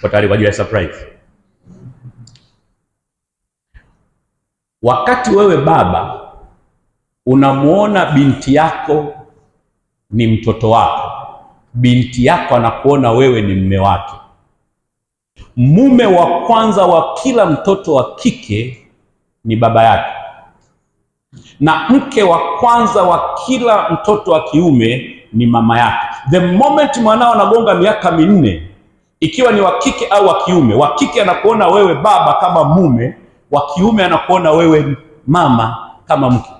kwa tayari kwa ajili ya surprise. Wakati wewe baba unamwona binti yako ni mtoto wako, binti yako anakuona wewe ni mme wake. Mume wa kwanza wa kila mtoto wa kike ni baba yake, na mke wa kwanza wa kila mtoto wa kiume ni mama yake. The moment mwanao anagonga miaka minne ikiwa ni wa kike au wa kiume. Wa kike anakuona wewe baba kama mume, wa kiume anakuona wewe mama kama mke.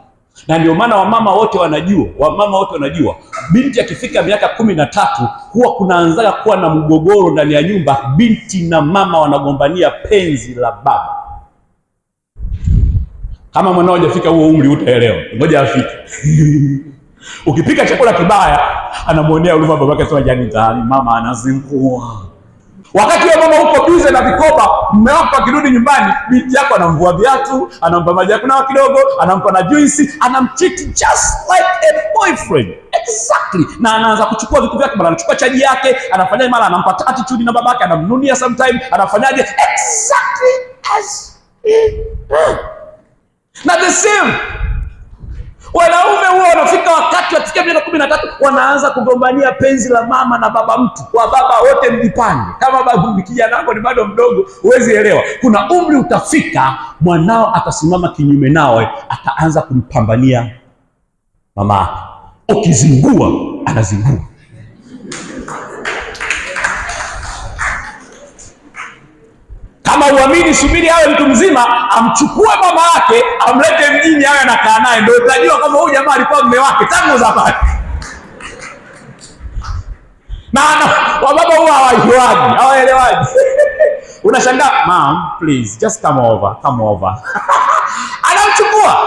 Na ndio maana wamama wote wanajua, wamama wote wanajua, binti akifika miaka kumi na tatu huwa kunaanzaga kuwa na mgogoro ndani ya nyumba, binti na mama wanagombania penzi la baba. Kama mwanao hajafika huo umri utaelewa, ngoja afike. Ukipika chakula kibaya, anamwonea huruma babake, sema jani, mama anazingua Wakati wewe mama uko bize na vikoba, mume wako akirudi nyumbani, binti yako anamvua viatu, anampa maji ya kunawa kidogo, anampa na juisi, anamtreat just like a boyfriend exactly, na anaanza kuchukua vitu vyake, mara anachukua chaji yake, anafanya mara anampa attitude na babake, anamnunia sometime, anafanyaje exactly as he, na the same Wanaume huwa wanafika wakati wa tikia miaka kumi na tatu wanaanza kugombania penzi la mama na baba mtu. Wa baba wote mjipange, kama bado kijana wako ni bado mdogo, huwezi elewa. Kuna umri utafika, mwanao atasimama kinyume nawe, ataanza kumpambania mama. Ukizingua anazingua. kama uamini, subiri awe mtu mzima, amchukue mama yake amlete mjini, awe anakaa naye, ndio utajua kama huyu jamaa alikuwa mume wake tangu zamani. Na wababa huwa hawajuaji, hawaelewaji. unashangaa, mom please just come over, come over anamchukua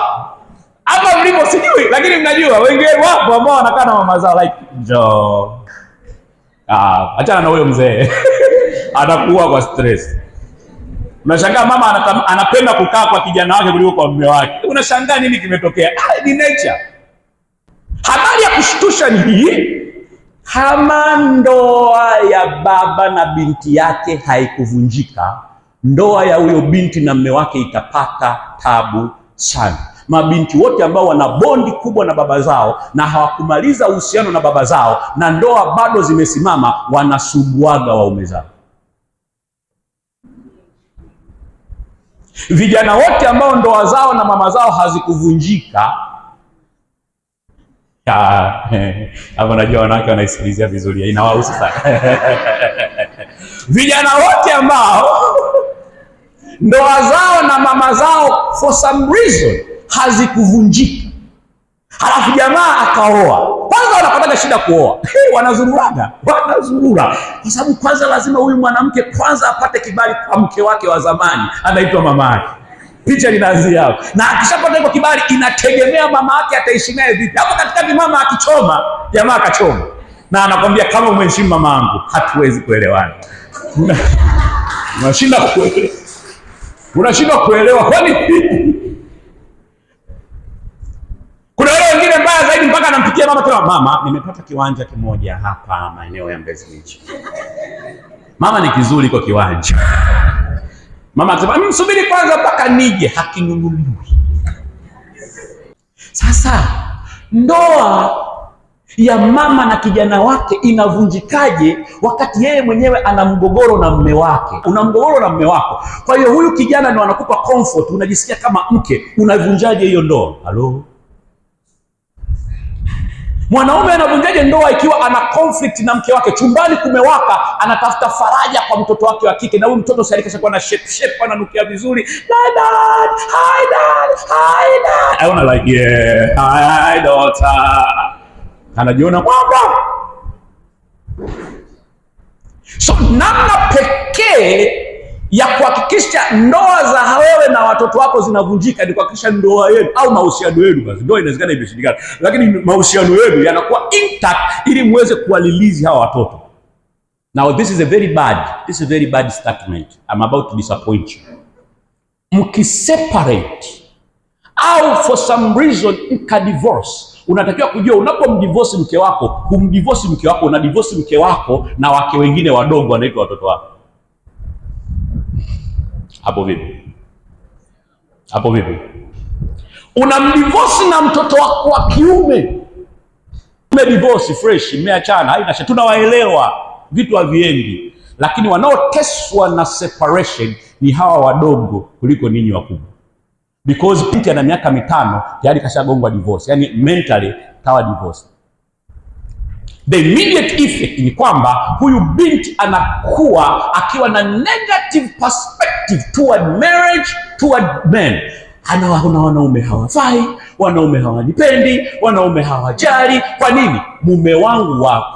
hapa mlipo sijui, lakini mnajua wengine wapo ambao wanakaa na mama zao like njoo, ah, achana na huyo mzee anakuwa kwa stress. Unashangaa mama anapenda kukaa kwa kijana wake kuliko kwa mume wake. Unashangaa nini kimetokea? Ah, ni nature. Habari ya kushtusha ni hii, kama ndoa ya baba na binti yake haikuvunjika, ndoa ya huyo binti na mume wake itapata tabu sana. Mabinti wote ambao wana bondi kubwa na baba zao na hawakumaliza uhusiano na baba zao na ndoa bado zimesimama, wanasubuaga waume zao. Vijana wote ambao ndoa zao na mama zao hazikuvunjika hapo, najua wanawake wanaisikilizia vizuri, inawahusu sana vijana wote ambao ndoa zao na mama zao for some reason hazikuvunjika, halafu jamaa akaoa wanapata shida kuoa wanazururaga, wanazurura kwa sababu kwanza lazima huyu mwanamke kwanza apate kibali kwa mke wake wa zamani, anaitwa mama yake. Picha linaanzia hapo, na akishapata hivyo kibali, inategemea mama yake ataishi naye vipi. Hapo katikati mama akichoma, jamaa akachoma, na anakwambia kama umeheshimu mama yangu, hatuwezi kuelewana. Unashinda kuelewa, unashinda kuelewa kwani mama, kila mama, nimepata kiwanja kimoja hapa maeneo ya Mbezi Beach. Mama ni kizuri kwa kiwanja. Mama akasema msubiri kwanza mpaka nije, hakinunuliwi. Sasa ndoa ya mama na kijana wake inavunjikaje wakati yeye mwenyewe ana mgogoro na mme wake? Una mgogoro na mme wako, kwa hiyo huyu kijana ndio anakupa comfort, unajisikia kama mke. Unavunjaje hiyo ndoa? Halo. Mwanaume anavunjaje ndoa ikiwa ana conflict na mke wake, chumbani kumewaka, anatafuta faraja kwa mtoto wake wa kike, na huyu mtoto sasa kashakuwa na shape shape, ananukia vizuri, dad hi dad hi dad, I wanna like yeah hi daughter, anajiona kwamba so namna pekee ya kuhakikisha ndoa za wewe na watoto wako zinavunjika ni kuhakikisha ndoa yenu au mahusiano yenu. Basi ndoa inawezekana imeshindikana, lakini mahusiano yenu yanakuwa intact ili muweze kuwalilizi hawa watoto. Now this is a very bad, this is a very bad statement. I'm about to disappoint you. Mkiseparate au for some reason mka divorce, unatakiwa kujua unapomdivorce mke wako, humdivosi mke wako, unadivosi mke wako na wake wengine wadogo wanaitwa watoto wako. Hapo vipi? Hapo vipi? Unamdivosi na mtoto wako wa kiume, mmedivosi fresh, mmeachana, haina shida, tunawaelewa, vitu haviendi, lakini wanaoteswa na separation ni hawa wadogo kuliko ninyi wakubwa, because binti ana miaka mitano tayari kashagongwa divorce, yani mentally kawa divorce. The immediate effect ni kwamba huyu binti anakuwa akiwa na negative perspective attractive toward marriage, toward men. Ana wanaume hawafai, wanaume hawanipendi, wanaume hawajali. Kwa nini? Mume wangu wa